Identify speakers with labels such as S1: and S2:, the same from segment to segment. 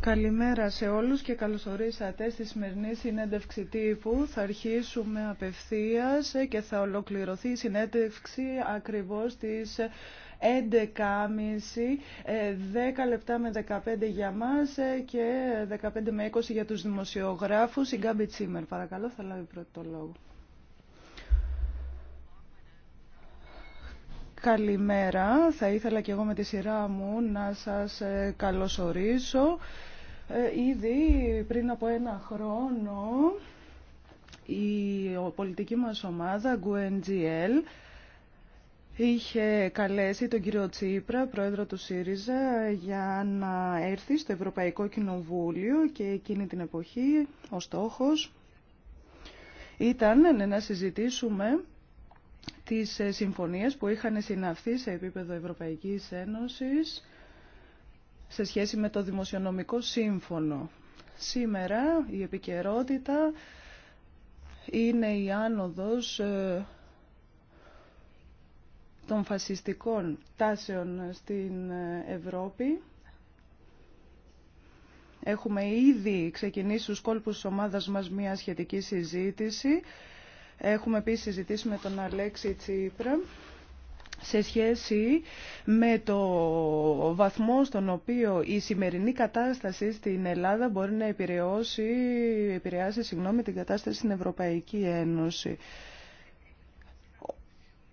S1: Καλημέρα σε όλους και καλωσορίσατε στη σημερινή συνέντευξη τύπου. Θα αρχίσουμε απευθείας και θα ολοκληρωθεί η συνέντευξη ακριβώς στις 11.30, 10 ε, λεπτά με 15 για μας ε, και 15 με 20 για τους δημοσιογράφους. Η Γκάμπι Τσίμερ, παρακαλώ, θα λάβει πρώτο λόγο. Καλημέρα. Θα ήθελα και εγώ με τη σειρά μου να σας ε, καλωσορίσω. Ε, ήδη πριν από ένα χρόνο η πολιτική μας ομάδα GUNGL είχε καλέσει τον κύριο Τσίπρα, πρόεδρο του ΣΥΡΙΖΑ, για να έρθει στο Ευρωπαϊκό Κοινοβούλιο και εκείνη την εποχή ο στόχος ήταν να συζητήσουμε τις ε, συμφωνίες που είχαν συναυθεί σε επίπεδο Ευρωπαϊκής Ένωσης σε σχέση με το Δημοσιονομικό Σύμφωνο. Σήμερα η επικαιρότητα είναι η άνοδος ε, των φασιστικών τάσεων στην ε, Ευρώπη. Έχουμε ήδη ξεκινήσει στους κόλπους της ομάδας μας μια σχετική συζήτηση. Έχουμε επίσης συζητήσει με τον Αλέξη Τσίπρα σε σχέση με το βαθμό στον οποίο η σημερινή κατάσταση στην Ελλάδα μπορεί να επηρεάσει, επηρεάσει συγγνώμη, την κατάσταση στην Ευρωπαϊκή Ένωση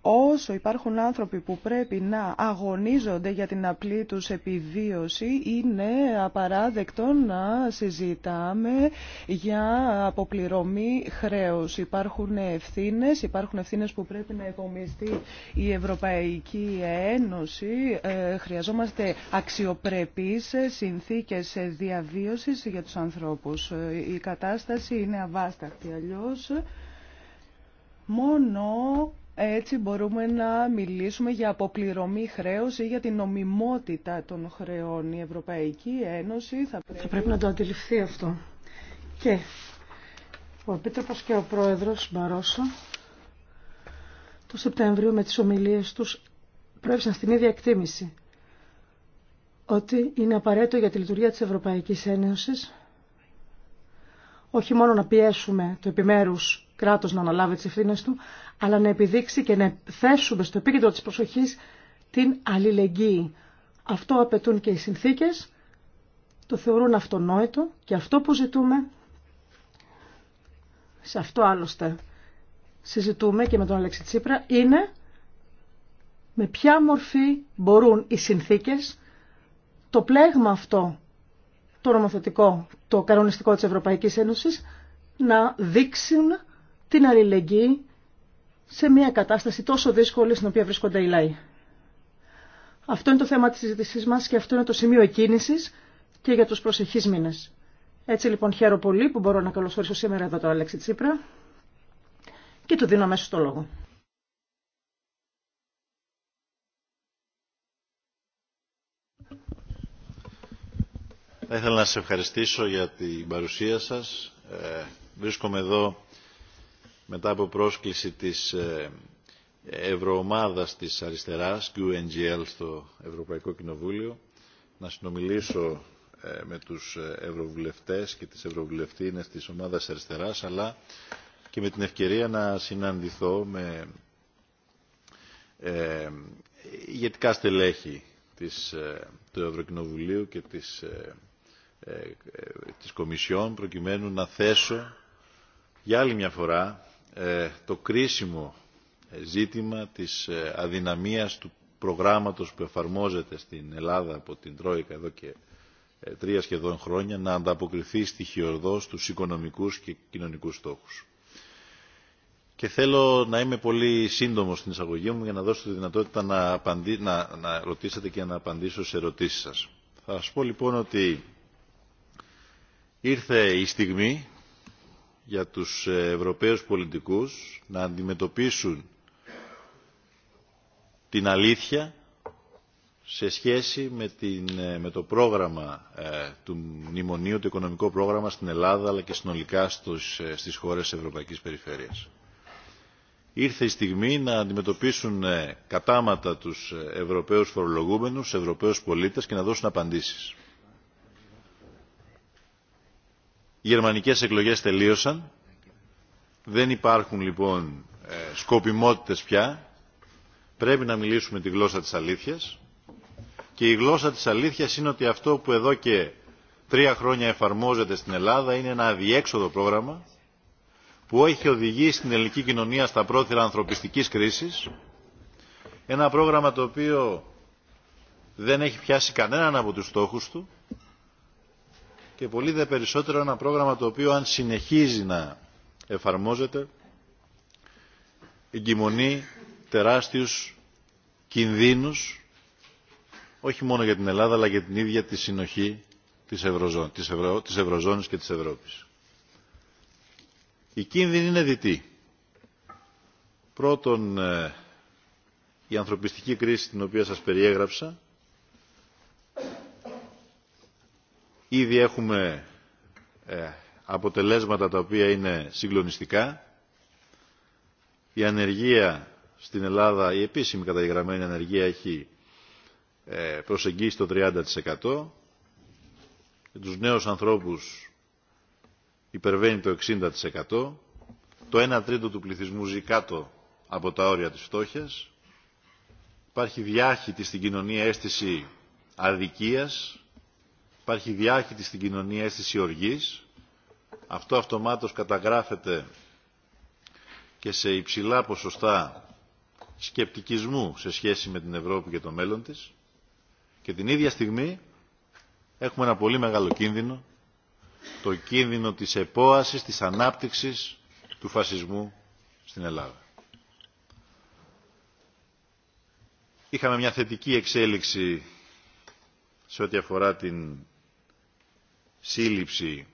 S1: όσο υπάρχουν άνθρωποι που πρέπει να αγωνίζονται για την απλή τους επιβίωση, είναι απαράδεκτο να συζητάμε για αποπληρωμή χρέους. Υπάρχουν ευθύνες, υπάρχουν ευθύνες που πρέπει να επομιστεί η Ευρωπαϊκή Ένωση. Ε, χρειαζόμαστε αξιοπρεπείς συνθήκες διαβίωσης για τους ανθρώπους. Ε, η κατάσταση είναι αβάσταχτη. Αλλιώς μόνο έτσι μπορούμε να μιλήσουμε για αποπληρωμή χρέους ή για την νομιμότητα των χρεών. Η Ευρωπαϊκή Ένωση θα πρέπει... να
S2: το αντιληφθεί αυτό. Και ο Επίτροπος και ο Πρόεδρος Μπαρόσο το Σεπτέμβριο με τις ομιλίες τους προέβησαν στην ίδια εκτίμηση ότι είναι απαραίτητο για τη λειτουργία της Ευρωπαϊκής Ένωσης όχι μόνο να πιέσουμε το επιμέρους κράτος να αναλάβει τις ευθύνες του, αλλά να επιδείξει και να θέσουμε στο επίκεντρο της προσοχής την αλληλεγγύη. Αυτό απαιτούν και οι συνθήκες, το θεωρούν αυτονόητο και αυτό που ζητούμε, σε αυτό άλλωστε συζητούμε και με τον Αλέξη Τσίπρα, είναι με ποια μορφή μπορούν οι συνθήκες, το πλέγμα αυτό το νομοθετικό, το κανονιστικό της Ευρωπαϊκής Ένωσης να δείξουν την αλληλεγγύη σε μια κατάσταση τόσο δύσκολη στην οποία βρίσκονται οι λαοί. Αυτό είναι το θέμα της συζήτησή μας και αυτό είναι το σημείο εκκίνησης και για τους προσεχείς μήνες. Έτσι λοιπόν χαίρομαι πολύ που μπορώ να καλωσορίσω σήμερα εδώ τον Αλέξη Τσίπρα και του δίνω αμέσως το λόγο.
S3: Θα ήθελα να σε ευχαριστήσω για την παρουσία σας. Ε, βρίσκομαι εδώ μετά από πρόσκληση της ε, Ευρωομάδας της Αριστεράς, QNGL, στο Ευρωπαϊκό Κοινοβούλιο, να συνομιλήσω ε, με τους Ευρωβουλευτές και τις Ευρωβουλευτίνες της Ομάδας Αριστεράς, αλλά και με την ευκαιρία να συναντηθώ με ε, ηγετικά στελέχη της, του Ευρωκοινοβουλίου και της της Κομισιόν προκειμένου να θέσω για άλλη μια φορά ε, το κρίσιμο ε, ζήτημα της ε, αδυναμίας του προγράμματος που εφαρμόζεται στην Ελλάδα από την Τρόικα εδώ και τρία σχεδόν χρόνια να ανταποκριθεί στοιχειοδός στους οικονομικούς και κοινωνικούς στόχους. Και θέλω να είμαι πολύ σύντομος στην εισαγωγή μου για να δώσω τη δυνατότητα να, να, να ρωτήσετε και να απαντήσω σε ερωτήσεις σας. Θα σας πω λοιπόν ότι Ήρθε η στιγμή για τους Ευρωπαίους πολιτικούς να αντιμετωπίσουν την αλήθεια σε σχέση με, το πρόγραμμα ε, του μνημονίου, το οικονομικό πρόγραμμα στην Ελλάδα αλλά και συνολικά στους, ε, στις χώρες της Ευρωπαϊκής Περιφέρειας. Ήρθε η στιγμή να αντιμετωπίσουν ε, κατάματα τους Ευρωπαίους φορολογούμενους, Ευρωπαίους πολίτες και να δώσουν απαντήσεις. Οι γερμανικές εκλογές τελείωσαν. Δεν υπάρχουν λοιπόν ε, σκοπιμότητες πια. Πρέπει να μιλήσουμε τη γλώσσα της αλήθειας. Και η γλώσσα της αλήθειας είναι ότι αυτό που εδώ και τρία χρόνια εφαρμόζεται στην Ελλάδα είναι ένα αδιέξοδο πρόγραμμα που έχει οδηγήσει την ελληνική κοινωνία στα πρόθυρα ανθρωπιστικής κρίσης. Ένα πρόγραμμα το οποίο δεν έχει πιάσει κανέναν από τους στόχους του και πολύ δε περισσότερο ένα πρόγραμμα το οποίο αν συνεχίζει να εφαρμόζεται εγκυμονεί τεράστιους κινδύνους όχι μόνο για την Ελλάδα αλλά για την ίδια τη συνοχή της, Ευρωζών, της, Ευρω... της Ευρωζώνης και της Ευρώπης. Η κίνδυνη είναι διτή Πρώτον, ε, η ανθρωπιστική κρίση την οποία σας περιέγραψα Ήδη έχουμε ε, αποτελέσματα τα οποία είναι συγκλονιστικά. Η ανεργία στην Ελλάδα, η επίσημη καταγεγραμμένη ανεργία έχει ε, προσεγγίσει το 30%. τους νέους ανθρώπους υπερβαίνει το 60%. Το 1 τρίτο του πληθυσμού ζει κάτω από τα όρια της φτώχειας. Υπάρχει διάχυτη στην κοινωνία αίσθηση αδικίας Υπάρχει διάχυτη στην κοινωνία αίσθηση οργής. Αυτό αυτομάτως καταγράφεται και σε υψηλά ποσοστά σκεπτικισμού σε σχέση με την Ευρώπη και το μέλλον της. Και την ίδια στιγμή έχουμε ένα πολύ μεγάλο κίνδυνο, το κίνδυνο της επόασης, της ανάπτυξης του φασισμού στην Ελλάδα. Είχαμε μια θετική εξέλιξη σε ό,τι αφορά την σύλληψη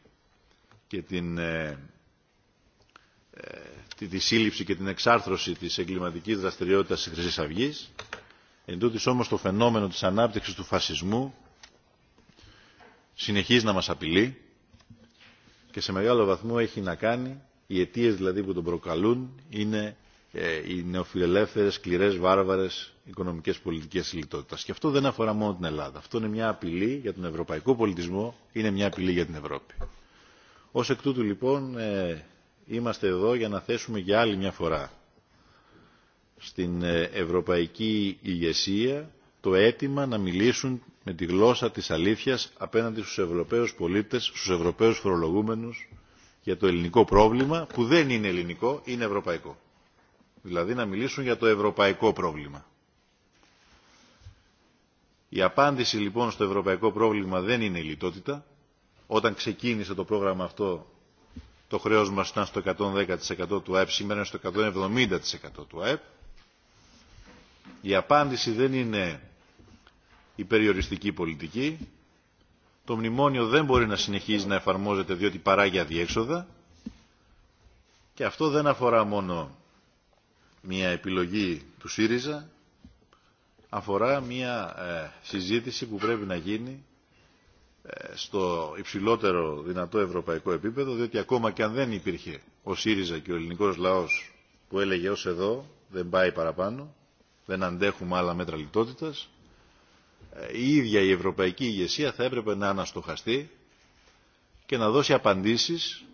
S3: και την, ε, τη, ε, τη, σύλληψη και την εξάρθρωση της εγκληματικής δραστηριότητας της Χρυσής Αυγής. Εν τούτης όμως το φαινόμενο της ανάπτυξης του φασισμού συνεχίζει να μας απειλεί και σε μεγάλο βαθμό έχει να κάνει, οι αιτίες δηλαδή που τον προκαλούν είναι ε, οι νεοφιλελεύθερες, σκληρές, βάρβαρες οικονομικές πολιτικές λιτότητας. Και αυτό δεν αφορά μόνο την Ελλάδα. Αυτό είναι μια απειλή για τον ευρωπαϊκό πολιτισμό, είναι μια απειλή για την Ευρώπη. Ως εκ τούτου λοιπόν ε, είμαστε εδώ για να θέσουμε για άλλη μια φορά στην ε, ευρωπαϊκή ηγεσία το αίτημα να μιλήσουν με τη γλώσσα της αλήθειας απέναντι στους Ευρωπαίους πολίτες, στους Ευρωπαίους φορολογούμενους για το ελληνικό πρόβλημα που δεν είναι ελληνικό, είναι ευρωπαϊκό δηλαδή να μιλήσουν για το ευρωπαϊκό πρόβλημα. Η απάντηση λοιπόν στο ευρωπαϊκό πρόβλημα δεν είναι η λιτότητα. Όταν ξεκίνησε το πρόγραμμα αυτό το χρέος μας ήταν στο 110% του ΑΕΠ, σήμερα είναι στο 170% του ΑΕΠ. Η απάντηση δεν είναι η περιοριστική πολιτική. Το μνημόνιο δεν μπορεί να συνεχίζει να εφαρμόζεται διότι παράγει αδιέξοδα. Και αυτό δεν αφορά μόνο μια επιλογή του ΣΥΡΙΖΑ αφορά μια ε, συζήτηση που πρέπει να γίνει ε, στο υψηλότερο δυνατό ευρωπαϊκό επίπεδο, διότι ακόμα και αν δεν υπήρχε ο ΣΥΡΙΖΑ και ο ελληνικός λαός που έλεγε ως εδώ, δεν πάει παραπάνω, δεν αντέχουμε άλλα μέτρα λιτότητας, ε, η ίδια η ευρωπαϊκή ηγεσία θα έπρεπε να αναστοχαστεί και να δώσει απαντήσεις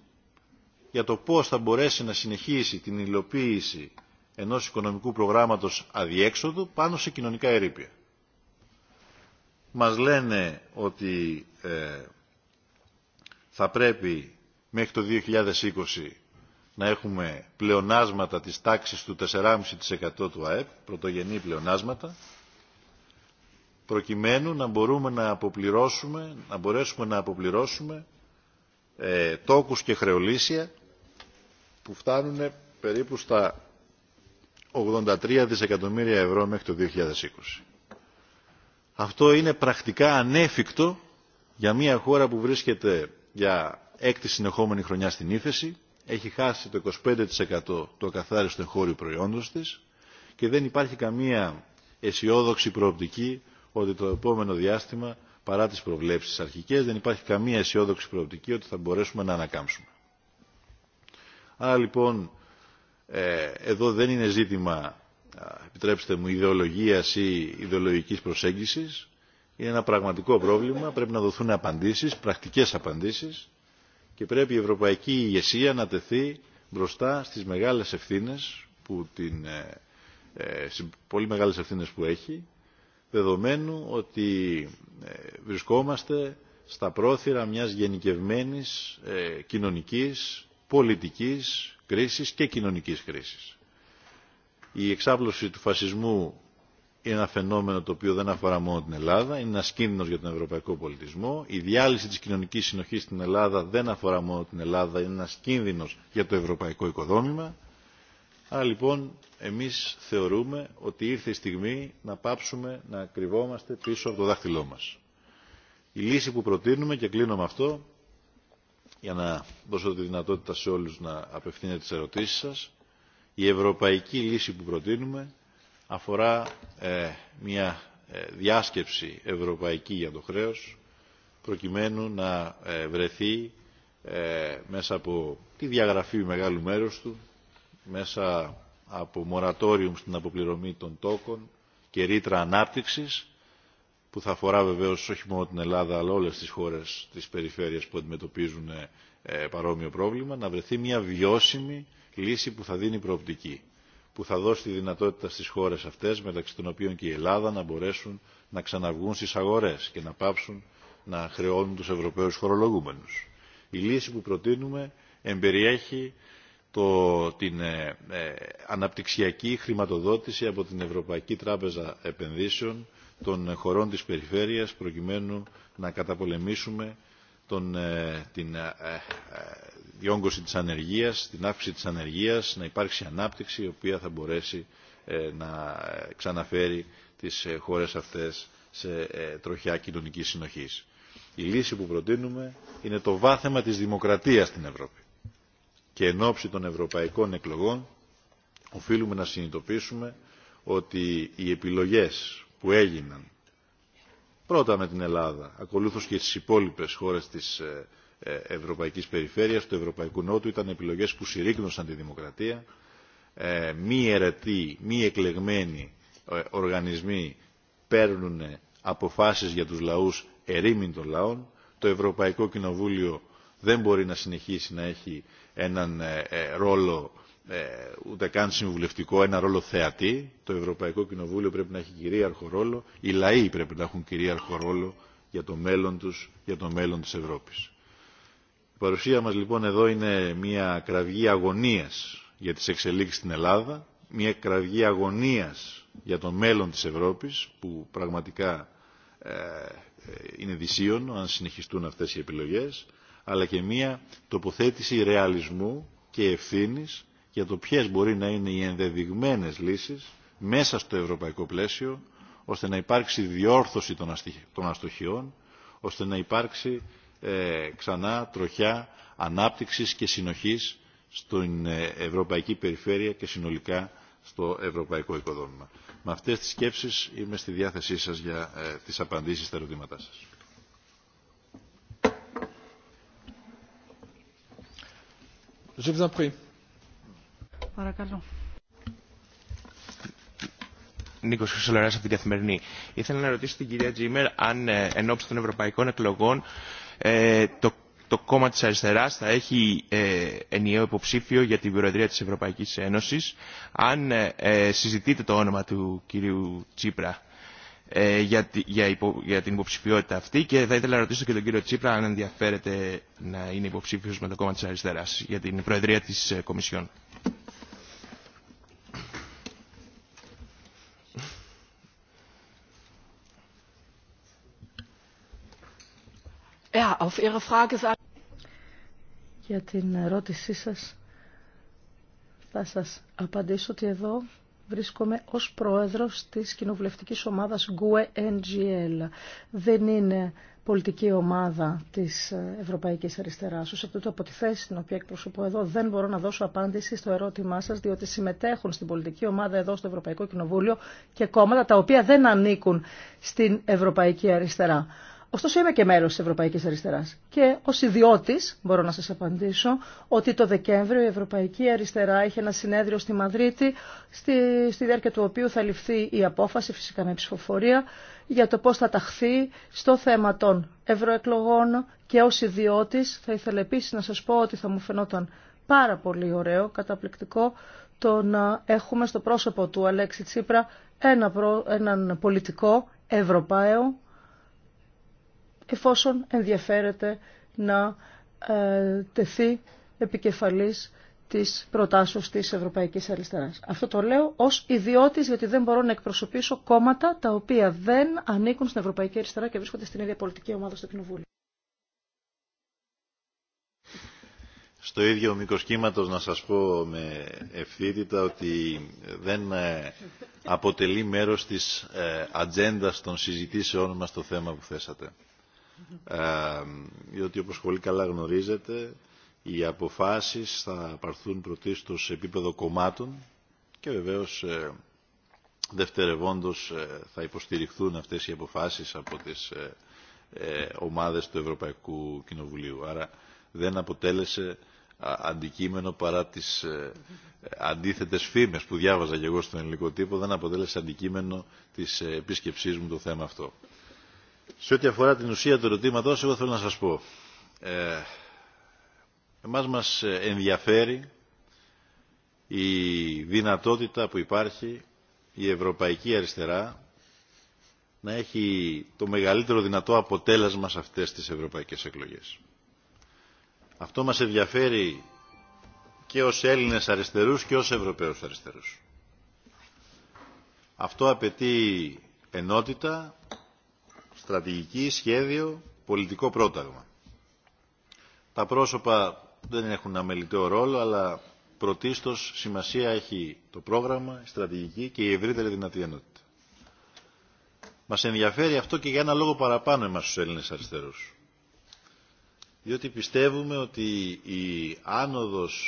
S3: για το πώς θα μπορέσει να συνεχίσει την υλοποίηση ενός οικονομικού προγράμματος αδιέξοδου πάνω σε κοινωνικά ερήπια. Μας λένε ότι ε, θα πρέπει μέχρι το 2020 να έχουμε πλεονάσματα της τάξης του 4,5% του ΑΕΠ, πρωτογενή πλεονάσματα, προκειμένου να μπορούμε να αποπληρώσουμε, να μπορέσουμε να αποπληρώσουμε ε, τόκους και χρεολύσια που φτάνουν περίπου στα 83 δισεκατομμύρια ευρώ μέχρι το 2020. Αυτό είναι πρακτικά ανέφικτο για μια χώρα που βρίσκεται για έκτη συνεχόμενη χρονιά στην ύφεση, έχει χάσει το 25% το καθάριστο εγχώριου προϊόντος της και δεν υπάρχει καμία αισιόδοξη προοπτική ότι το επόμενο διάστημα, παρά τις προβλέψεις αρχικές, δεν υπάρχει καμία αισιόδοξη προοπτική ότι θα μπορέσουμε να ανακάμψουμε. Άρα λοιπόν ε, εδώ δεν είναι ζήτημα, επιτρέψτε μου, ιδεολογίας ή ιδεολογικής προσέγγισης. Είναι ένα πραγματικό πρόβλημα, πρέπει να δοθούν απαντήσεις, πρακτικές απαντήσεις και πρέπει η ευρωπαϊκή ηγεσία να τεθεί μπροστά στις μεγάλες ευθύνες που την, ε, ε, πολύ μεγάλες ευθύνε που έχει δεδομένου ότι βρισκόμαστε στα πρόθυρα μιας γενικευμένης κοινωνικής, πολιτικής κρίσης και κοινωνικής κρίσης. Η εξάπλωση του φασισμού είναι ένα φαινόμενο το οποίο δεν αφορά μόνο την Ελλάδα, είναι ένα κίνδυνο για τον ευρωπαϊκό πολιτισμό. Η διάλυση της κοινωνικής συνοχής στην Ελλάδα δεν αφορά μόνο την Ελλάδα, είναι ένα κίνδυνο για το ευρωπαϊκό οικοδόμημα. Άρα λοιπόν εμείς θεωρούμε ότι ήρθε η στιγμή να πάψουμε να κρυβόμαστε πίσω από το δάχτυλό μας. Η λύση που προτείνουμε, και κλείνω με αυτό, για να δώσω τη δυνατότητα σε όλους να απευθύνετε τις ερωτήσεις σας. Η ευρωπαϊκή λύση που προτείνουμε αφορά ε, μια ε, διάσκεψη ευρωπαϊκή για το χρέος προκειμένου να ε, βρεθεί μέσα από τη διαγραφή μεγάλου μέρους του, μέσα από μορατόριουμ στην αποπληρωμή των τόκων και ρήτρα ανάπτυξης που θα αφορά βεβαίως όχι μόνο την Ελλάδα αλλά όλες τις χώρες της περιφέρειας που αντιμετωπίζουν ε, παρόμοιο πρόβλημα, να βρεθεί μια βιώσιμη λύση που θα δίνει προοπτική, που θα δώσει τη δυνατότητα στις χώρες αυτές, μεταξύ των οποίων και η Ελλάδα, να μπορέσουν να ξαναβγούν στις αγορές και να πάψουν να χρεώνουν τους Ευρωπαίους φορολογούμενους. Η λύση που προτείνουμε εμπεριέχει το, την ε, ε, αναπτυξιακή χρηματοδότηση από την Ευρωπαϊκή Τράπεζα Επενδύσεων των ε, χωρών της περιφέρειας προκειμένου να καταπολεμήσουμε τον, ε, την ε, διόγκωση της ανεργίας, την αύξηση της ανεργίας, να υπάρξει ανάπτυξη η οποία θα μπορέσει να ξαναφέρει τις χώρες αυτές σε τροχιά κοινωνική συνοχής. Η λύση που προτείνουμε είναι το βάθεμα της δημοκρατίας στην Ευρώπη. Και εν ώψη των ευρωπαϊκών εκλογών οφείλουμε να συνειδητοποιήσουμε ότι οι επιλογές που έγιναν πρώτα με την Ελλάδα, ακολούθως και στις υπόλοιπες χώρες της ε, ε, Ευρωπαϊκής Περιφέρειας, του Ευρωπαϊκού Νότου, ήταν επιλογές που συρρήκνωσαν τη δημοκρατία, ε, μη αιρετοί, μη εκλεγμένοι οργανισμοί παίρνουν αποφάσεις για τους λαούς ερήμην των λαών, το Ευρωπαϊκό Κοινοβούλιο δεν μπορεί να συνεχίσει να έχει έναν ρόλο ε, ούτε καν συμβουλευτικό, ένα ρόλο θεατή. Το Ευρωπαϊκό Κοινοβούλιο πρέπει να έχει κυρίαρχο ρόλο, οι λαοί πρέπει να έχουν κυρίαρχο ρόλο για το μέλλον τους, για το μέλλον της Ευρώπης. Η παρουσία μας λοιπόν εδώ είναι μια κραυγή αγωνίας για τις εξελίξεις στην Ελλάδα, μια κραυγή αγωνίας για το μέλλον της Ευρώπης που πραγματικά ε, ε, είναι δυσίωνο αν συνεχιστούν αυτές οι επιλογές, αλλά και μια τοποθέτηση ρεαλισμού και ευθύνης για το ποιε μπορεί να είναι οι ενδεδειγμένες λύσεις μέσα στο ευρωπαϊκό πλαίσιο, ώστε να υπάρξει διόρθωση των αστοχιών, ώστε να υπάρξει ε, ξανά τροχιά ανάπτυξης και συνοχής στην ε, ευρωπαϊκή περιφέρεια και συνολικά στο ευρωπαϊκό οικοδόμημα. Με αυτές τις σκέψεις είμαι στη διάθεσή σας για ε, τις απαντήσεις στα ερωτήματά σας.
S1: Παρακαλώ.
S4: Νίκος Χρυσολαράς από την Καθημερινή. Ήθελα να ρωτήσω την κυρία Τζίμερ αν ε, εν ώψη των ευρωπαϊκών εκλογών ε, το, το κόμμα της αριστεράς θα έχει ε, ενιαίο υποψήφιο για την Προεδρία της Ευρωπαϊκής Ένωσης αν συζητείτε το όνομα του κυρίου Τσίπρα για, για, υπο, για την υποψηφιότητα αυτή και θα ήθελα να ρωτήσω και τον κύριο Τσίπρα αν ενδιαφέρεται να είναι υποψήφιος με το κόμμα της αριστεράς για την Προεδρία της Κομισιόν.
S2: Για την ερώτησή σας θα σας απαντήσω ότι εδώ βρίσκομαι ως πρόεδρος της κοινοβουλευτικής ομάδας GUE NGL. Δεν είναι πολιτική ομάδα της Ευρωπαϊκής Αριστεράς. Ως αυτό από τη θέση την οποία εκπροσωπώ εδώ δεν μπορώ να δώσω απάντηση στο ερώτημά σας διότι συμμετέχουν στην πολιτική ομάδα εδώ στο Ευρωπαϊκό Κοινοβούλιο και κόμματα τα οποία δεν ανήκουν στην Ευρωπαϊκή Αριστερά. Ωστόσο είμαι και μέλος της Ευρωπαϊκής Αριστεράς και ως ιδιώτης μπορώ να σας απαντήσω ότι το Δεκέμβριο η Ευρωπαϊκή Αριστερά είχε ένα συνέδριο στη Μαδρίτη στη, διάρκεια του οποίου θα ληφθεί η απόφαση φυσικά με ψηφοφορία για το πώς θα ταχθεί στο θέμα των ευρωεκλογών και ως ιδιώτης θα ήθελα επίσης να σας πω ότι θα μου φαινόταν πάρα πολύ ωραίο, καταπληκτικό το να έχουμε στο πρόσωπο του Αλέξη Τσίπρα ένα έναν πολιτικό Ευρωπαίο εφόσον ενδιαφέρεται να ε, τεθεί επικεφαλής της προτάσεως της Ευρωπαϊκής Αριστεράς. Αυτό το λέω ως ιδιώτης γιατί δεν μπορώ να εκπροσωπήσω κόμματα τα οποία δεν ανήκουν στην Ευρωπαϊκή Αριστερά και βρίσκονται στην ίδια πολιτική ομάδα στο Κοινοβούλιο.
S3: Στο ίδιο μήκο να σας πω με ευθύτητα ότι δεν ε, αποτελεί μέρος της ε, ατζέντα των συζητήσεών μας το θέμα που θέσατε διότι όπως πολύ καλά γνωρίζετε οι αποφάσεις θα παρθούν πρωτίστως σε επίπεδο κομμάτων και βεβαίως ε, δευτερευόντως ε, θα υποστηριχθούν αυτές οι αποφάσεις από τις ε, ομάδες του Ευρωπαϊκού Κοινοβουλίου. Άρα δεν αποτέλεσε αντικείμενο παρά τις αντίθετες φήμες που διάβαζα και εγώ στον ελληνικό τύπο δεν αποτέλεσε αντικείμενο της επίσκεψής μου το θέμα αυτό. Σε ό,τι αφορά την ουσία του ερωτήματο, εγώ θέλω να σας πω. Ε, εμάς μας ενδιαφέρει η δυνατότητα που υπάρχει η Ευρωπαϊκή Αριστερά να έχει το μεγαλύτερο δυνατό αποτέλεσμα σε αυτές τις ευρωπαϊκές εκλογές. Αυτό μας ενδιαφέρει και ως Έλληνες αριστερούς και ως Ευρωπαίους αριστερούς. Αυτό απαιτεί ενότητα, στρατηγική, σχέδιο, πολιτικό πρόταγμα. Τα πρόσωπα δεν έχουν αμεληταίο ρόλο, αλλά πρωτίστως σημασία έχει το πρόγραμμα, η στρατηγική και η ευρύτερη δυνατή ενότητα. Μας ενδιαφέρει αυτό και για ένα λόγο παραπάνω εμάς τους Έλληνες αριστερούς. Διότι πιστεύουμε ότι η άνοδος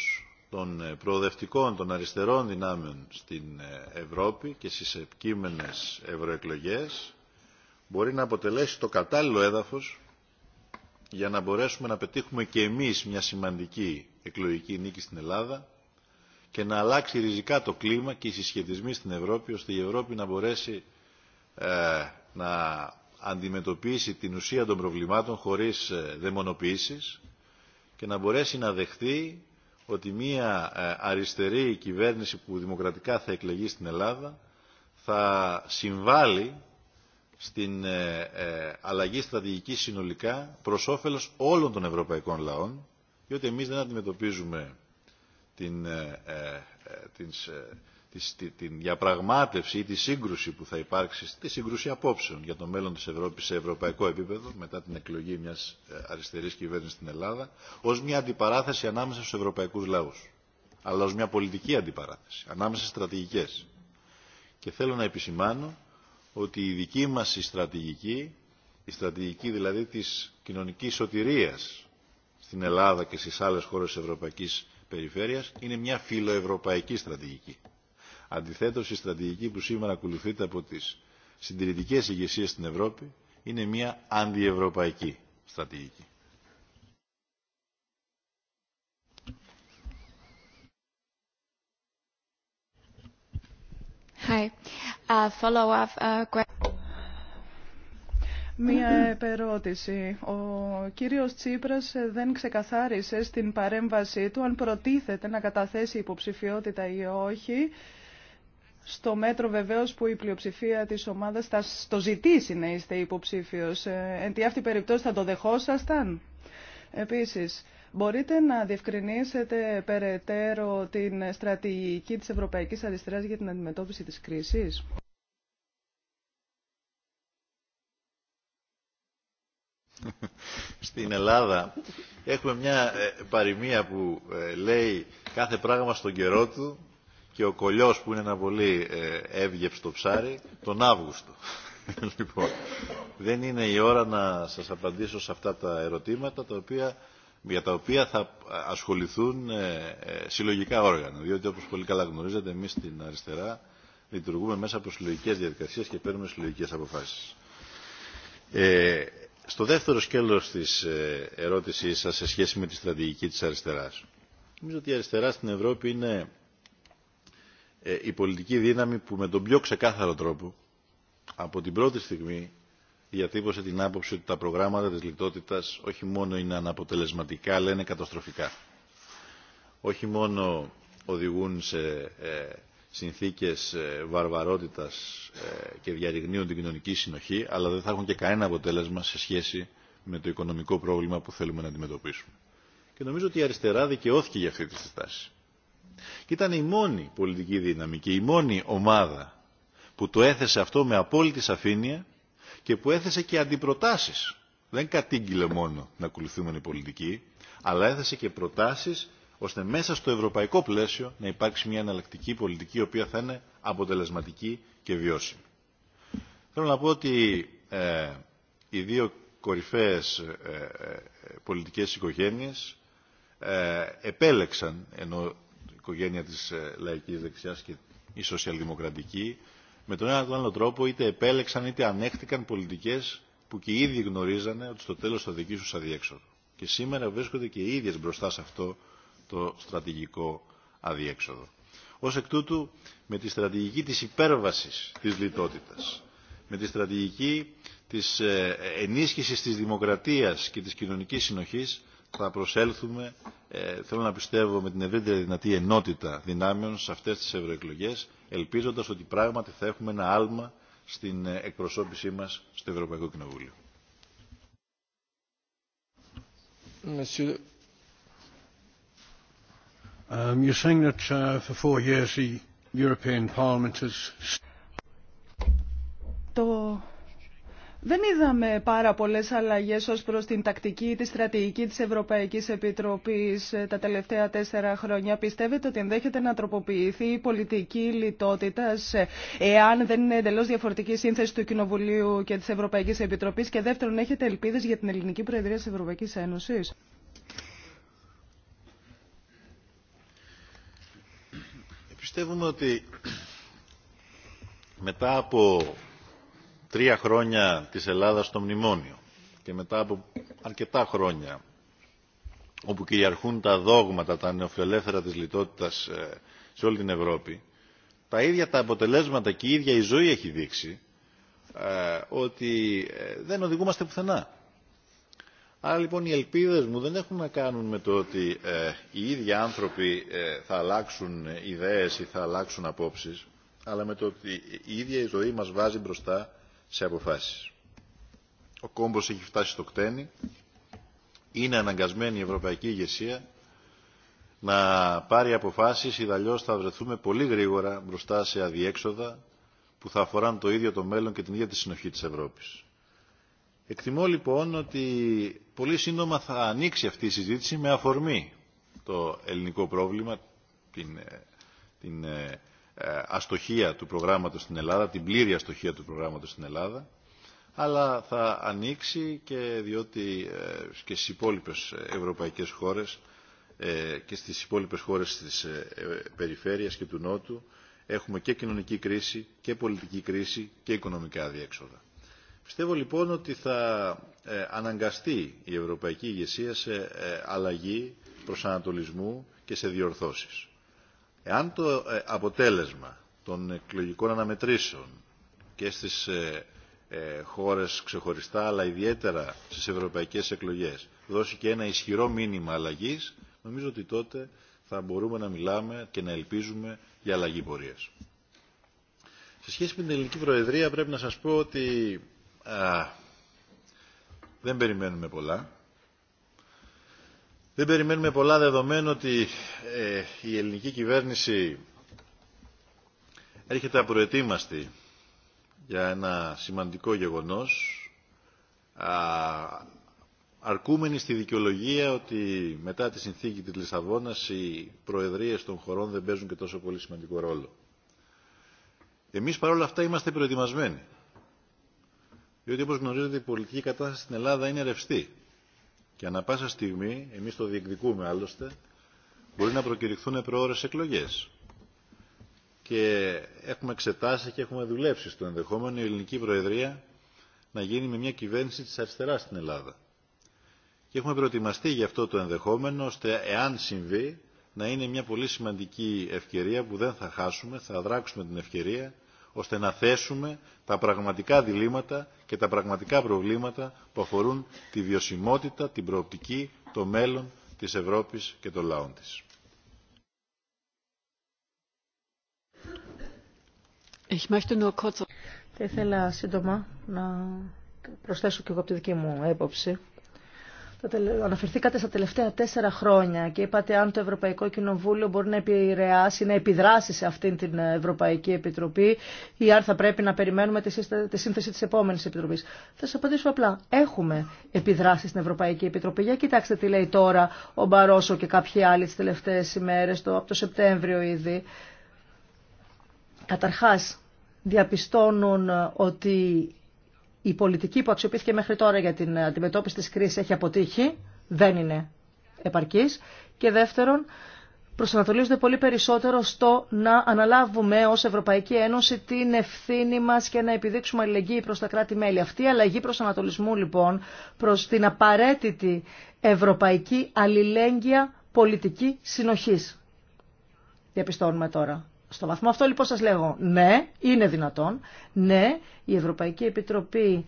S3: των ε, προοδευτικών, των αριστερών δυνάμεων στην ε, Ευρώπη και στις επικείμενες ευρωεκλογές μπορεί να αποτελέσει το κατάλληλο έδαφος για να μπορέσουμε να πετύχουμε και εμείς μια σημαντική εκλογική νίκη στην Ελλάδα και να αλλάξει ριζικά το κλίμα και οι συσχετισμοί στην Ευρώπη ώστε η Ευρώπη να μπορέσει ε, να αντιμετωπίσει την ουσία των προβλημάτων χωρίς ε, δαιμονοποιήσεις και να μπορέσει να δεχτεί ότι μια ε, αριστερή κυβέρνηση που δημοκρατικά θα εκλεγεί στην Ελλάδα θα συμβάλλει στην ε, ε, αλλαγή στρατηγική συνολικά προς όφελος όλων των ευρωπαϊκών λαών, διότι εμείς δεν αντιμετωπίζουμε την, ε, την διαπραγμάτευση ή τη σύγκρουση που θα υπάρξει, τη σύγκρουση απόψεων για το μέλλον της Ευρώπης σε ευρωπαϊκό επίπεδο, μετά την εκλογή μιας αριστερής κυβέρνησης στην Ελλάδα, ως μια αντιπαράθεση ανάμεσα στους ευρωπαϊκούς λαούς, αλλά ως μια πολιτική αντιπαράθεση, ανάμεσα στρατηγικέ. στρατηγικές. Και θέλω να επισημάνω ότι η δική μας στρατηγική, η στρατηγική δηλαδή της κοινωνικής σωτηρίας στην Ελλάδα και στις άλλες χώρες της Ευρωπαϊκής Περιφέρειας, είναι μια φιλοευρωπαϊκή στρατηγική. Αντιθέτως, η στρατηγική που σήμερα ακολουθείται από τις συντηρητικές ηγεσίες στην Ευρώπη είναι μια αντιευρωπαϊκή στρατηγική.
S1: Uh, Μία επερώτηση. Ο κύριος Τσίπρας δεν ξεκαθάρισε στην παρέμβασή του αν προτίθεται να καταθέσει υποψηφιότητα ή όχι. Στο μέτρο βεβαίως που η πλειοψηφία της ομάδας θα στο ζητήσει να είστε υποψήφιος. Ε, εν τη αυτή περιπτώσει θα το δεχόσασταν. Επίσης, μπορείτε να διευκρινίσετε περαιτέρω την στρατηγική της Ευρωπαϊκής Αριστεράς για την αντιμετώπιση της κρίσης.
S3: Στην Ελλάδα έχουμε μια ε, παροιμία που ε, λέει κάθε πράγμα στον καιρό του και ο κολλιός που είναι ένα πολύ ε, εύγευστο ψάρι τον Αύγουστο. Λοιπόν, δεν είναι η ώρα να σας απαντήσω σε αυτά τα ερωτήματα τα οποία, για τα οποία θα ασχοληθούν ε, ε, συλλογικά όργανα. Διότι όπως πολύ καλά γνωρίζετε εμείς στην αριστερά λειτουργούμε μέσα από συλλογικέ διαδικασίες και παίρνουμε συλλογικές αποφάσεις. Ε, στο δεύτερο σκέλος της ερώτησής σας σε σχέση με τη στρατηγική της αριστεράς. Νομίζω ότι η αριστερά στην Ευρώπη είναι η πολιτική δύναμη που με τον πιο ξεκάθαρο τρόπο από την πρώτη στιγμή διατύπωσε την άποψη ότι τα προγράμματα της λιτότητας όχι μόνο είναι αναποτελεσματικά αλλά είναι καταστροφικά. Όχι μόνο οδηγούν σε ε, συνθήκες ε, βαρβαρότητας ε, και διαρριγνύουν την κοινωνική συνοχή αλλά δεν θα έχουν και κανένα αποτέλεσμα σε σχέση με το οικονομικό πρόβλημα που θέλουμε να αντιμετωπίσουμε. Και νομίζω ότι η αριστερά δικαιώθηκε για αυτή τη στάση. Και ήταν η μόνη πολιτική δύναμη και η μόνη ομάδα που το έθεσε αυτό με απόλυτη σαφήνεια και που έθεσε και αντιπροτάσεις. Δεν κατήγγειλε μόνο την ακολουθούμενη πολιτική, αλλά έθεσε και προτάσεις ώστε μέσα στο ευρωπαϊκό πλαίσιο να υπάρξει μια εναλλακτική πολιτική η οποία θα είναι αποτελεσματική και βιώσιμη. Θέλω να πω ότι ε, οι δύο κορυφαίες ε, ε πολιτικές οικογένειες ε, επέλεξαν, ενώ η οικογένεια της λαϊκής δεξιάς και η σοσιαλδημοκρατική, με τον ένα τον άλλο τρόπο είτε επέλεξαν είτε ανέχτηκαν πολιτικές που και οι ίδιοι γνωρίζανε ότι στο τέλος θα δικήσουν αδιέξοδο. Και σήμερα βρίσκονται και οι ίδιες μπροστά σε αυτό το στρατηγικό αδιέξοδο. Ως εκ τούτου, με τη στρατηγική της υπέρβασης της λιτότητας, με τη στρατηγική της ε, ε, ενίσχυσης της δημοκρατίας και της κοινωνικής συνοχής, θα προσέλθουμε, ε, θέλω να πιστεύω, με την ευρύτερη δυνατή ενότητα δυνάμεων σε αυτές τις ευρωεκλογέ, ελπίζοντας ότι πράγματι θα έχουμε ένα άλμα στην ε, εκπροσώπησή μας στο Ευρωπαϊκό Κοινοβούλιο.
S1: Δεν είδαμε πάρα πολλές αλλαγές ως προς την τακτική ή τη στρατηγική της Ευρωπαϊκής Επιτροπής ε, τα τελευταία τέσσερα χρόνια. Πιστεύετε ότι ενδέχεται να τροποποιηθεί η πολιτική λιτότητα ε, εάν δεν είναι εντελώς διαφορετική σύνθεση του Κοινοβουλίου και της Ευρωπαϊκής Επιτροπής και δεύτερον έχετε ελπίδες για την ελληνική προεδρία της Ευρωπαϊκής Ένωσης.
S3: Πιστεύουμε ότι μετά από τρία χρόνια της Ελλάδας στο μνημόνιο και μετά από αρκετά χρόνια όπου κυριαρχούν τα δόγματα, τα νεοφιλελεύθερα της λιτότητας ε, σε όλη την Ευρώπη, τα ίδια τα αποτελέσματα και η ίδια η ζωή έχει δείξει ε, ότι ε, δεν οδηγούμαστε πουθενά. Άρα λοιπόν οι ελπίδες μου δεν έχουν να κάνουν με το ότι οι ίδιοι άνθρωποι θα αλλάξουν ιδέες ή θα αλλάξουν απόψεις, αλλά με το ότι η ίδια η ζωή μας βάζει μπροστά σε αποφάσεις. Ο κόμπος έχει φτάσει στο κτένι. Είναι αναγκασμένη η ευρωπαϊκή ηγεσία να πάρει αποφάσεις, ιδαλλιώς θα βρεθούμε πολύ γρήγορα μπροστά σε αδιέξοδα που θα αφοράν το ίδιο το μέλλον και την ίδια τη συνοχή της Ευρώπης. Εκτιμώ λοιπόν ότι πολύ σύντομα θα ανοίξει αυτή η συζήτηση με αφορμή το ελληνικό πρόβλημα, την, ε, την ε, ε, αστοχία του προγράμματος στην Ελλάδα, την πλήρη αστοχία του προγράμματος στην Ελλάδα, αλλά θα ανοίξει και διότι ε, και στις υπόλοιπες ευρωπαϊκές χώρες ε, και στις υπόλοιπες χώρες της περιφέρειας και του Νότου έχουμε και κοινωνική κρίση και πολιτική κρίση και οικονομικά διέξοδα. Πιστεύω λοιπόν ότι θα αναγκαστεί η ευρωπαϊκή ηγεσία σε αλλαγή προσανατολισμού και σε διορθώσεις. Εάν το ε, αποτέλεσμα των εκλογικών αναμετρήσεων και στις ε, ε, χώρες ξεχωριστά αλλά ιδιαίτερα στις ευρωπαϊκές εκλογές δώσει και ένα ισχυρό μήνυμα αλλαγής, νομίζω ότι τότε θα μπορούμε να μιλάμε και να ελπίζουμε για αλλαγή πορείας. Σε σχέση με την ελληνική προεδρία πρέπει να σας πω ότι δεν περιμένουμε πολλά. Δεν περιμένουμε πολλά δεδομένου ότι ε, η ελληνική κυβέρνηση έρχεται απροετοίμαστη για ένα σημαντικό γεγονός α, αρκούμενη στη δικαιολογία ότι μετά τη συνθήκη της Λισαβόνας οι προεδρίες των χωρών δεν παίζουν και τόσο πολύ σημαντικό ρόλο. Εμείς παρόλα αυτά είμαστε προετοιμασμένοι. Διότι όπως γνωρίζετε η πολιτική κατάσταση στην Ελλάδα είναι ρευστή και ανα πάσα στιγμή, εμείς το διεκδικούμε άλλωστε, μπορεί να προκηρυχθούν προώρες εκλογές. Και έχουμε εξετάσει και έχουμε δουλέψει στο ενδεχόμενο η ελληνική προεδρία να γίνει με μια κυβέρνηση της αριστεράς στην Ελλάδα. Και έχουμε προετοιμαστεί για αυτό το ενδεχόμενο, ώστε εάν συμβεί, να είναι μια πολύ σημαντική ευκαιρία που δεν θα χάσουμε, θα δράξουμε την ευκαιρία ώστε να θέσουμε τα πραγματικά διλήμματα και τα πραγματικά προβλήματα που αφορούν τη βιωσιμότητα, την προοπτική, το μέλλον της Ευρώπης και των λαών της.
S2: Θα ήθελα σύντομα να προσθέσω και εγώ από τη δική μου έποψη Αναφερθήκατε στα τελευταία τέσσερα χρόνια και είπατε αν το Ευρωπαϊκό Κοινοβούλιο μπορεί να επηρεάσει, να επιδράσει σε αυτήν την Ευρωπαϊκή Επιτροπή ή αν θα πρέπει να περιμένουμε τη σύνθεση της επόμενη Επιτροπής. Θα σα απαντήσω απλά. Έχουμε επιδράσει στην Ευρωπαϊκή Επιτροπή. Για κοιτάξτε τι λέει τώρα ο Μπαρόσο και κάποιοι άλλοι τι τελευταίε ημέρε, το, από το Σεπτέμβριο ήδη. Καταρχά διαπιστώνουν ότι η πολιτική που αξιοποιήθηκε μέχρι τώρα για την αντιμετώπιση της κρίσης έχει αποτύχει, δεν είναι επαρκής. Και δεύτερον, προσανατολίζονται πολύ περισσότερο στο να αναλάβουμε ως Ευρωπαϊκή Ένωση την ευθύνη μας και να επιδείξουμε αλληλεγγύη προς τα κράτη-μέλη. Αυτή η αλλαγή προσανατολισμού λοιπόν προς την απαραίτητη ευρωπαϊκή αλληλέγγυα πολιτική συνοχής. Διαπιστώνουμε τώρα. Στο βαθμό αυτό λοιπόν σας λέγω ναι, είναι δυνατόν, ναι, η Ευρωπαϊκή Επιτροπή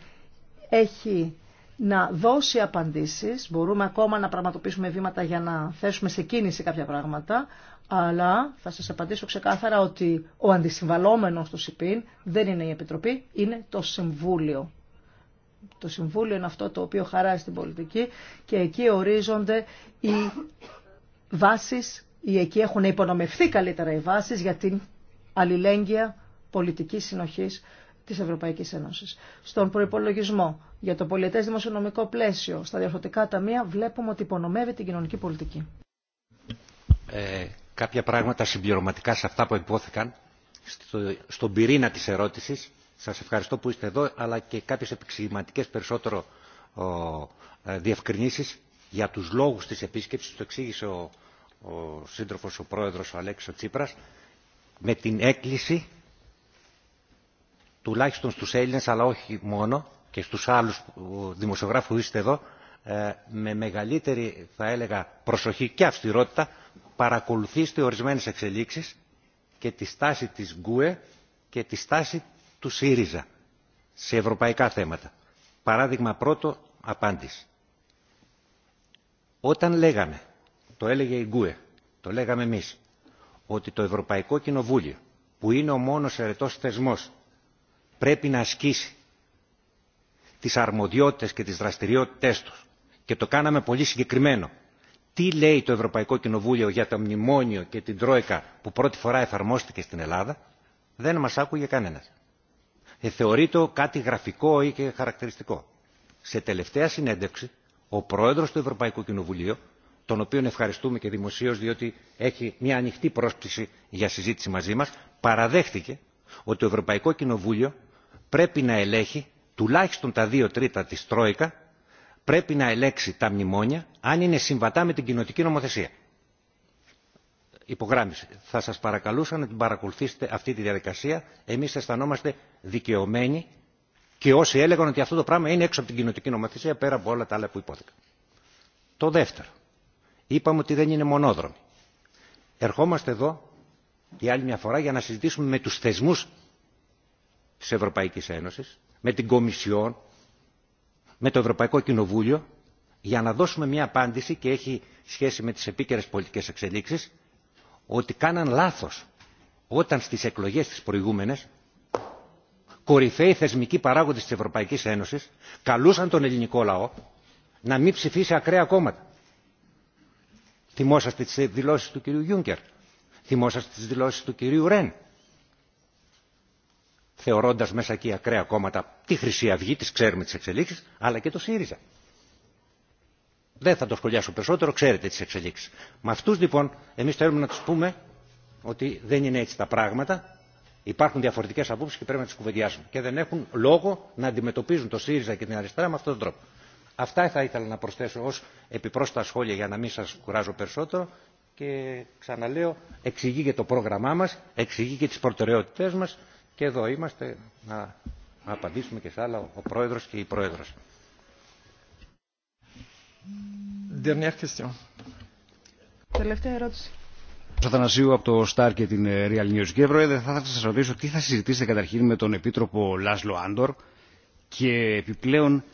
S2: έχει να δώσει απαντήσεις, μπορούμε ακόμα να πραγματοποιήσουμε βήματα για να θέσουμε σε κίνηση κάποια πράγματα, αλλά θα σας απαντήσω ξεκάθαρα ότι ο αντισυμβαλόμενος του ΣΥΠΗΝ δεν είναι η Επιτροπή, είναι το Συμβούλιο. Το Συμβούλιο είναι αυτό το οποίο χαράει στην πολιτική και εκεί ορίζονται οι βάσεις ή εκεί έχουν υπονομευθεί καλύτερα οι βάσεις για την αλληλέγγυα πολιτική συνοχή της Ευρωπαϊκής Ένωσης. Στον προϋπολογισμό για το πολιτές δημοσιονομικό πλαίσιο στα διαφορετικά ταμεία βλέπουμε ότι υπονομεύει την κοινωνική πολιτική.
S5: Ε, κάποια πράγματα συμπληρωματικά σε αυτά που υπόθηκαν στο, στον πυρήνα της ερώτησης. Σας ευχαριστώ που είστε εδώ, αλλά και κάποιες επεξηγηματικές περισσότερο ο, ε, για τους λόγους της επίσκεψη Το εξήγησε ο ο σύντροφος, ο πρόεδρος, ο Αλέξης Τσίπρας, με την έκκληση τουλάχιστον στους Έλληνες, αλλά όχι μόνο, και στους άλλους δημοσιογράφους είστε εδώ, ε, με μεγαλύτερη, θα έλεγα, προσοχή και αυστηρότητα, παρακολουθήστε ορισμένες εξελίξεις και τη στάση της Γκουε και τη στάση του ΣΥΡΙΖΑ σε ευρωπαϊκά θέματα. Παράδειγμα πρώτο, απάντηση. Όταν λέγαμε το έλεγε η Γκουε, το λέγαμε εμείς, ότι το Ευρωπαϊκό Κοινοβούλιο, που είναι ο μόνος ερετό θεσμός, πρέπει να ασκήσει τις αρμοδιότητες και τις δραστηριότητές του. Και το κάναμε πολύ συγκεκριμένο. Τι λέει το Ευρωπαϊκό Κοινοβούλιο για το μνημόνιο και την Τρόικα που πρώτη φορά εφαρμόστηκε στην Ελλάδα, δεν μας άκουγε κανένας. Ε, το κάτι γραφικό ή και χαρακτηριστικό. Σε τελευταία συνέντευξη, ο πρόεδρος του Ευρωπαϊκού Κοινοβουλίου τον οποίο ευχαριστούμε και δημοσίως διότι έχει μια ανοιχτή πρόσκληση για συζήτηση μαζί μας, παραδέχτηκε ότι το Ευρωπαϊκό Κοινοβούλιο πρέπει να ελέγχει τουλάχιστον τα δύο τρίτα της Τρόικα, πρέπει να ελέγξει τα μνημόνια, αν είναι συμβατά με την κοινοτική νομοθεσία. Υπογράμμιση. Θα σας παρακαλούσα να την παρακολουθήσετε αυτή τη διαδικασία. Εμείς αισθανόμαστε δικαιωμένοι και όσοι έλεγαν ότι αυτό το πράγμα είναι έξω από την κοινοτική νομοθεσία, πέρα από όλα τα άλλα που υπόθηκαν. Το δεύτερο Είπαμε ότι δεν είναι μονόδρομοι. Ερχόμαστε εδώ για άλλη μια φορά για να συζητήσουμε με τους θεσμούς της Ευρωπαϊκής Ένωσης, με την Κομισιόν, με το Ευρωπαϊκό Κοινοβούλιο, για να δώσουμε μια απάντηση και έχει σχέση με τις επίκαιρες πολιτικές εξελίξεις, ότι κάναν λάθος όταν στις εκλογές τις προηγούμενες κορυφαίοι θεσμικοί παράγοντες της Ευρωπαϊκής Ένωσης καλούσαν τον ελληνικό λαό να μην ψηφίσει ακραία κόμματα. Θυμόσαστε τις δηλώσεις του κυρίου Γιούγκερ. Θυμόσαστε τις δηλώσεις του κυρίου Ρεν. Θεωρώντας μέσα εκεί ακραία κόμματα τη Χρυσή Αυγή, τις ξέρουμε τις εξελίξεις, αλλά και το ΣΥΡΙΖΑ. Δεν θα το σχολιάσω περισσότερο, ξέρετε τις εξελίξεις. Με αυτούς λοιπόν εμείς θέλουμε να τους πούμε ότι δεν είναι έτσι τα πράγματα, υπάρχουν διαφορετικές απόψεις και πρέπει να τις κουβεντιάσουμε. Και δεν έχουν λόγο να αντιμετωπίζουν το ΣΥΡΙΖΑ και την αριστερά με αυτόν τον τρόπο. Αυτά θα ήθελα να προσθέσω ως επιπρόσθετα σχόλια για να μην σας κουράζω περισσότερο και ξαναλέω εξηγεί και το πρόγραμμά μας, εξηγεί και τις προτεραιότητές μας και εδώ είμαστε να απαντήσουμε και σε άλλα ο Πρόεδρος και η Πρόεδρος.
S1: Τελευταία ερώτηση.
S4: Αθανασίου από το Star και την ε, Real News. Κύριε Πρόεδρε, θα ήθελα να σα ρωτήσω τι θα συζητήσετε καταρχήν με τον Επίτροπο Λάσλο Άντορ και επιπλέον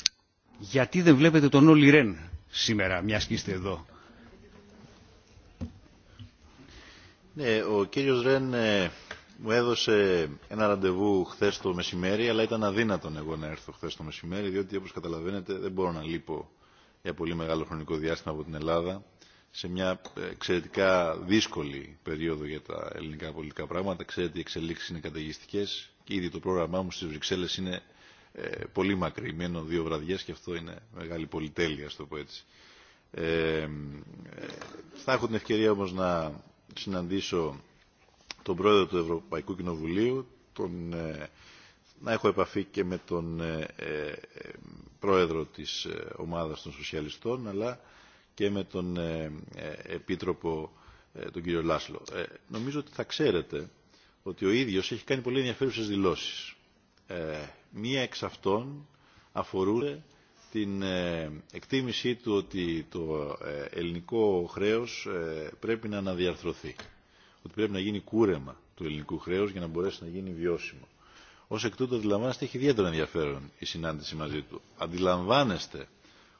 S4: γιατί δεν βλέπετε τον Όλυ Ρεν σήμερα, μια και είστε εδώ.
S3: Ναι, ο κύριος Ρεν ε, μου έδωσε ένα ραντεβού χθες το μεσημέρι, αλλά ήταν αδύνατον εγώ να έρθω χθες το μεσημέρι, διότι όπως καταλαβαίνετε δεν μπορώ να λείπω για πολύ μεγάλο χρονικό διάστημα από την Ελλάδα σε μια εξαιρετικά δύσκολη περίοδο για τα ελληνικά πολιτικά πράγματα. Ξέρετε, οι εξελίξει είναι καταιγιστικές και ήδη το πρόγραμμά μου στι Βρυξέλλες είναι ε, πολύ μακρύ. Μένω δύο βραδιές και αυτό είναι μεγάλη πολυτέλεια, στο πω έτσι. Ε, θα έχω την ευκαιρία όμως να συναντήσω τον πρόεδρο του Ευρωπαϊκού Κοινοβουλίου, τον, ε, να έχω επαφή και με τον πρόεδρο της ομάδας των σοσιαλιστών, αλλά και με τον επίτροπο τον κύριο Λάσλο. νομίζω ότι θα ξέρετε ότι ο ίδιος έχει κάνει πολύ ενδιαφέρουσες δηλώσεις. Μία εξ αυτών αφορούσε την ε, εκτίμησή του ότι το ε, ελληνικό χρέος ε, πρέπει να αναδιαρθρωθεί. Ότι πρέπει να γίνει κούρεμα του ελληνικού χρέους για να μπορέσει να γίνει βιώσιμο. Ως εκ τούτου αντιλαμβάνεστε έχει ιδιαίτερο ενδιαφέρον η συνάντηση μαζί του. Αντιλαμβάνεστε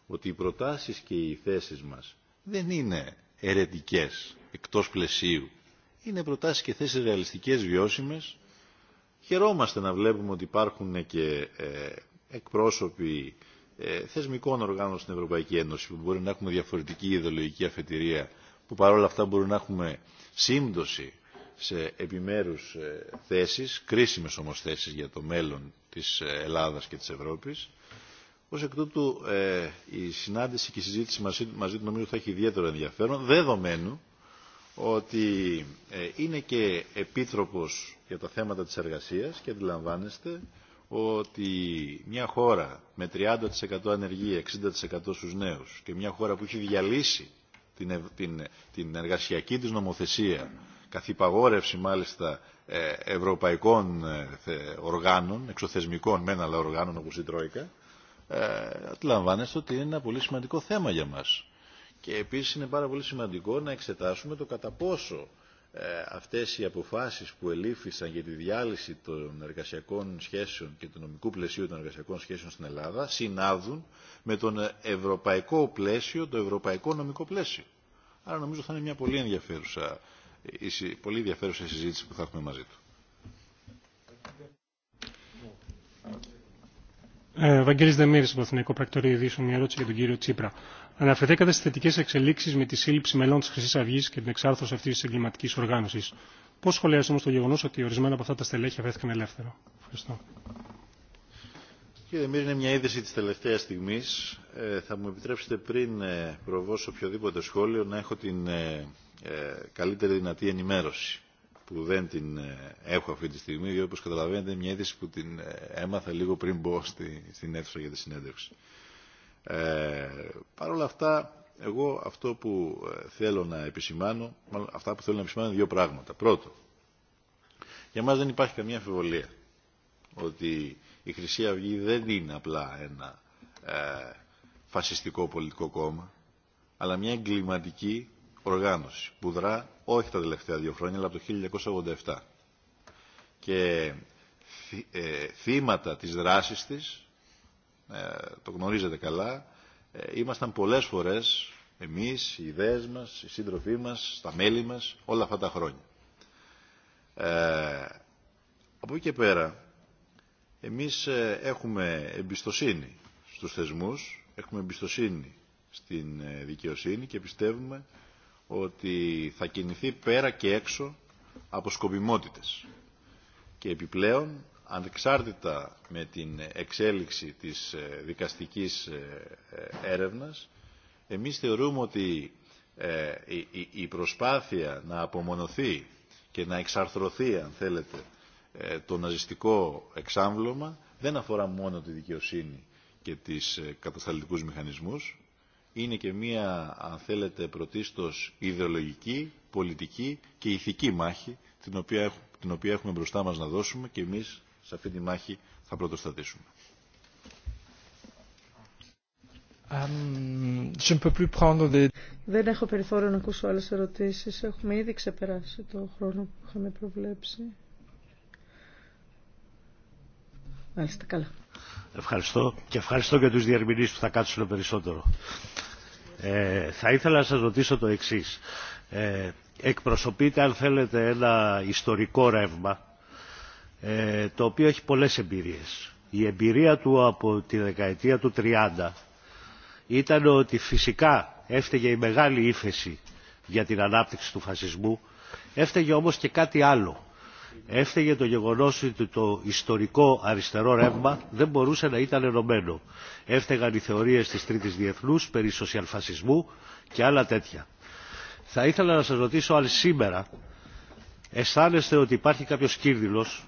S3: ότι οι προτάσεις και οι θέσεις μας δεν είναι ερετικές, εκτός πλαισίου. Είναι προτάσεις και θέσεις ρεαλιστικές, βιώσιμες, Χαιρόμαστε να βλέπουμε ότι υπάρχουν και ε, εκπρόσωποι ε, θεσμικών οργάνων στην Ευρωπαϊκή Ένωση που μπορεί να έχουμε διαφορετική ιδεολογική αφετηρία που παρόλα αυτά μπορεί να έχουμε σύμπτωση σε επιμέρους ε, θέσεις, κρίσιμες όμως θέσεις για το μέλλον της Ελλάδας και της Ευρώπης. Ως εκ τούτου η συνάντηση και η συζήτηση μαζί του νομίζω θα έχει ιδιαίτερο ενδιαφέρον, δεδομένου ότι ε, είναι και επίτροπος για τα θέματα της εργασίας και αντιλαμβάνεστε ότι μια χώρα με 30% ανεργία, 60% στους νέους και μια χώρα που έχει διαλύσει την, την, εργασιακή της νομοθεσία υπαγόρευση μάλιστα ε, ευρωπαϊκών ε, οργάνων, εξωθεσμικών μεν αλλά οργάνων όπως η Τρόικα, αντιλαμβάνεστε ότι είναι ένα πολύ σημαντικό θέμα για μας. Και επίσης είναι πάρα πολύ σημαντικό να εξετάσουμε το κατά πόσο ε, αυτές οι αποφάσεις που ελήφθησαν για τη διάλυση των εργασιακών σχέσεων και του νομικού πλαισίου των εργασιακών σχέσεων στην Ελλάδα συνάδουν με τον ευρωπαϊκό πλαίσιο, το ευρωπαϊκό νομικό πλαίσιο. Άρα νομίζω θα είναι μια πολύ ενδιαφέρουσα, πολύ συζήτηση που θα έχουμε μαζί του.
S5: Ε, Αναφερθήκατε στι θετικέ εξελίξει με τη σύλληψη μελών τη Χρυσή Αυγή και την εξάρθρωση αυτή τη εγκληματική οργάνωση. Πώ σχολιάζετε όμω το γεγονό ότι ορισμένα από αυτά τα στελέχη βρέθηκαν ελεύθερα. Ευχαριστώ.
S3: Κύριε Μύρη, είναι μια είδηση τη τελευταία στιγμή. Ε, θα μου επιτρέψετε πριν ε, προβώ σε οποιοδήποτε σχόλιο να έχω την ε, ε, καλύτερη δυνατή ενημέρωση που δεν την έχω αυτή τη στιγμή, διότι όπως καταλαβαίνετε είναι μια είδηση που την έμαθα λίγο πριν μπω στη, στην αίθουσα για τη συνέντευξη. Ε, Παρ' όλα αυτά, εγώ αυτό που ε, θέλω να επισημάνω, αυτά που θέλω να επισημάνω είναι δύο πράγματα. Πρώτο, για μας δεν υπάρχει καμία αμφιβολία ότι η Χρυσή Αυγή δεν είναι απλά ένα ε, φασιστικό πολιτικό κόμμα, αλλά μια εγκληματική οργάνωση που δρά όχι τα τελευταία δύο χρόνια, αλλά από το 1987. Και ε, θύματα της δράσης της ε, το γνωρίζετε καλά, ε, ήμασταν πολλές φορές εμείς, οι ιδέες μας, οι σύντροφοί μας, τα μέλη μας, όλα αυτά τα χρόνια. Ε, από εκεί και πέρα, εμείς έχουμε εμπιστοσύνη στους θεσμούς, έχουμε εμπιστοσύνη στην δικαιοσύνη και πιστεύουμε ότι θα κινηθεί πέρα και έξω από σκοπιμότητες. Και επιπλέον ανεξάρτητα με την εξέλιξη της ε, δικαστικής ε, ε, έρευνας, εμείς θεωρούμε ότι η προσπάθεια να απομονωθεί και να εξαρθρωθεί, αν θέλετε, το ναζιστικό εξάμβλωμα δεν αφορά μόνο τη δικαιοσύνη και τις κατασταλτικούς μηχανισμούς. Είναι και μία, αν θέλετε, πρωτίστως ιδεολογική, πολιτική και ηθική μάχη την οποία, έχουμε μπροστά μας να δώσουμε και εμείς σε αυτή τη μάχη θα πρωτοστατήσουμε.
S2: Δεν έχω περιθώριο να ακούσω άλλες ερωτήσεις. Έχουμε ήδη ξεπεράσει το χρόνο που είχαμε προβλέψει.
S4: Μάλιστα, καλά. Ευχαριστώ και ευχαριστώ και τους διερμηνείς που θα κάτσουν περισσότερο. Ε, θα ήθελα να σας ρωτήσω το εξής. Ε, εκπροσωπείτε, αν θέλετε, ένα ιστορικό ρεύμα ε, το οποίο έχει πολλές εμπειρίες. Η εμπειρία του από τη δεκαετία του 30 ήταν ότι φυσικά έφταιγε η μεγάλη ύφεση για την ανάπτυξη του φασισμού, έφταιγε όμως και κάτι άλλο. Έφταιγε το γεγονός ότι το ιστορικό αριστερό ρεύμα δεν μπορούσε να ήταν ενωμένο. Έφταιγαν οι θεωρίες της Τρίτης Διεθνούς περί σοσιαλφασισμού και άλλα τέτοια. Θα ήθελα να σας ρωτήσω αν σήμερα αισθάνεστε ότι υπάρχει κάποιος κίνδυνος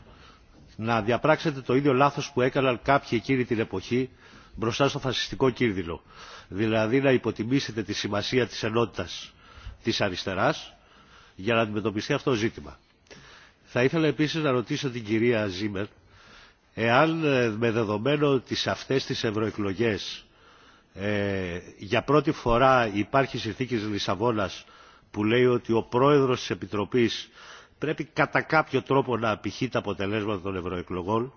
S4: να διαπράξετε το ίδιο λάθος που έκαναν κάποιοι εκείνη την εποχή μπροστά στο φασιστικό κίνδυνο. Δηλαδή να υποτιμήσετε τη σημασία της ενότητας της αριστεράς για να αντιμετωπιστεί αυτό το ζήτημα. Θα ήθελα επίσης να ρωτήσω την κυρία Ζήμερ εάν ε, με δεδομένο τις αυτές τις ευρωεκλογές ε, για πρώτη φορά υπάρχει συνθήκη Λισαβόνας που λέει ότι ο πρόεδρος της Επιτροπής πρέπει κατά κάποιο τρόπο να απηχεί τα αποτελέσματα των ευρωεκλογών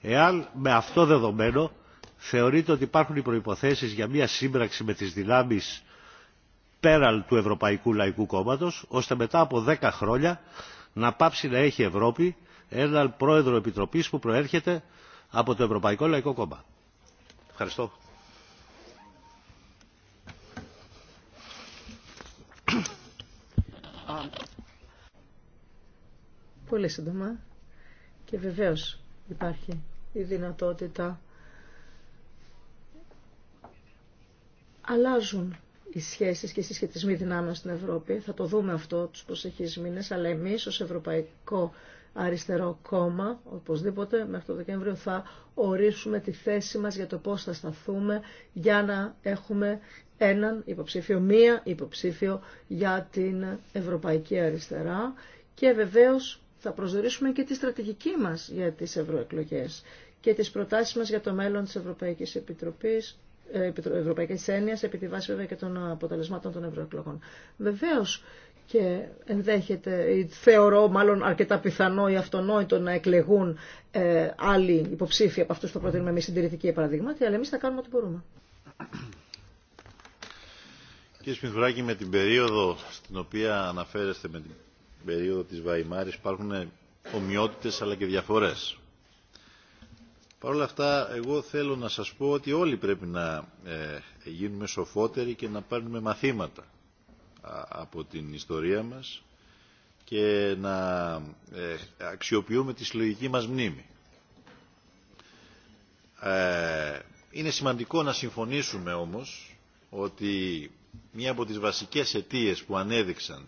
S4: εάν με αυτό δεδομένο θεωρείται ότι υπάρχουν οι προϋποθέσεις για μια σύμπραξη με τις δυνάμεις πέραν του Ευρωπαϊκού Λαϊκού Κόμματος ώστε μετά από 10 χρόνια να πάψει να έχει η Ευρώπη έναν πρόεδρο επιτροπής που προέρχεται από το Ευρωπαϊκό Λαϊκό Κόμμα. Ευχαριστώ.
S2: πολύ σύντομα και βεβαίως υπάρχει η δυνατότητα αλλάζουν οι σχέσεις και οι συσχετισμοί δυνάμεων στην Ευρώπη. Θα το δούμε αυτό τους προσεχείς μήνες, αλλά εμείς ως Ευρωπαϊκό Αριστερό Κόμμα, οπωσδήποτε, μέχρι το Δεκέμβριο θα ορίσουμε τη θέση μας για το πώς θα σταθούμε για να έχουμε έναν υποψήφιο, μία υποψήφιο για την Ευρωπαϊκή Αριστερά και βεβαίως θα προσδιορίσουμε και τη στρατηγική μας για τις ευρωεκλογές και τις προτάσεις μας για το μέλλον της Ευρωπαϊκής Επιτροπής, ε, Ευρωπαϊκή Έννοια, επί τη βάση βέβαια και των αποτελεσμάτων των ευρωεκλογών. Βεβαίω και ενδέχεται, ή θεωρώ μάλλον αρκετά πιθανό ή αυτονόητο να εκλεγούν ε, άλλοι υποψήφοι από αυτού που προτείνουμε εμεί συντηρητικοί παραδείγματα, αλλά εμεί θα κάνουμε ό,τι μπορούμε.
S3: Κύριε Σμιθουράκη, με την περίοδο στην οποία αναφέρεστε με την περίοδο της Βαϊμάρης υπάρχουν ομοιότητες αλλά και διαφορές. Παρ' όλα αυτά, εγώ θέλω να σας πω ότι όλοι πρέπει να ε, γίνουμε σοφότεροι και να πάρουμε μαθήματα από την ιστορία μας και να ε, αξιοποιούμε τη συλλογική μας μνήμη. Ε, είναι σημαντικό να συμφωνήσουμε όμως ότι μία από τις βασικές αιτίες που ανέδειξαν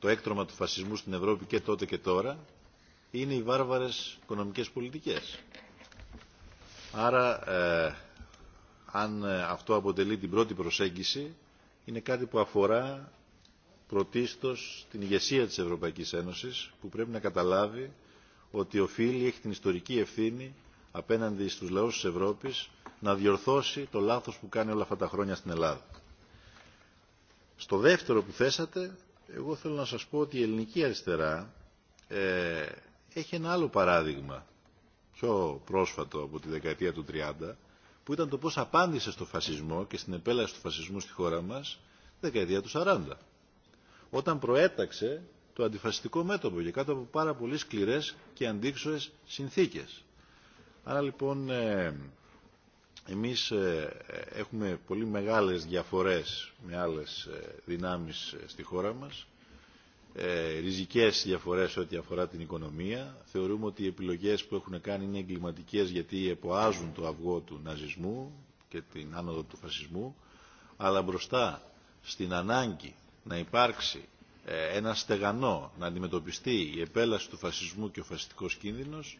S3: το έκτρωμα του φασισμού στην Ευρώπη και τότε και τώρα είναι οι βάρβαρες οικονομικές πολιτικές. Άρα, ε, αν ε, αυτό αποτελεί την πρώτη προσέγγιση, είναι κάτι που αφορά πρωτίστως την ηγεσία της Ευρωπαϊκής Ένωσης, που πρέπει να καταλάβει ότι οφείλει, έχει την ιστορική ευθύνη απέναντι στους λαούς της Ευρώπης να διορθώσει το λάθος που κάνει όλα αυτά τα χρόνια στην Ελλάδα. Στο δεύτερο που θέσατε εγώ θέλω να σας πω ότι η ελληνική αριστερά ε, έχει ένα άλλο παράδειγμα, πιο πρόσφατο από τη δεκαετία του 30, που ήταν το πώς απάντησε στο φασισμό και στην επέλαση του φασισμού στη χώρα μας τη δεκαετία του 40. Όταν προέταξε το αντιφασιστικό μέτωπο για κάτω από πάρα πολύ σκληρές και αντίξωες συνθήκες. Άρα λοιπόν ε, εμείς ε, έχουμε πολύ μεγάλες διαφορές με άλλες ε, δυνάμεις ε, στη χώρα μας, ριζικές διαφορές ό,τι αφορά την οικονομία. Θεωρούμε ότι οι επιλογές που έχουν κάνει είναι εγκληματικές γιατί εποάζουν το αυγό του ναζισμού και την άνοδο του φασισμού, αλλά μπροστά στην ανάγκη να υπάρξει ένα στεγανό να αντιμετωπιστεί η επέλαση του φασισμού και ο φασιστικός κίνδυνος,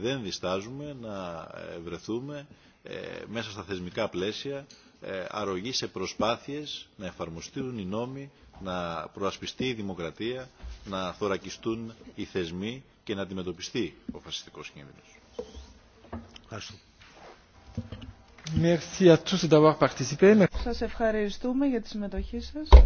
S3: δεν διστάζουμε να βρεθούμε ε, μέσα στα θεσμικά πλαίσια ε, αρρωγή σε προσπάθειες να εφαρμοστούν οι νόμοι, να προασπιστεί η δημοκρατία, να θωρακιστούν οι θεσμοί και να αντιμετωπιστεί ο φασιστικός κίνδυνος. Ευχαριστώ.
S1: Σας ευχαριστούμε για τη συμμετοχή σας.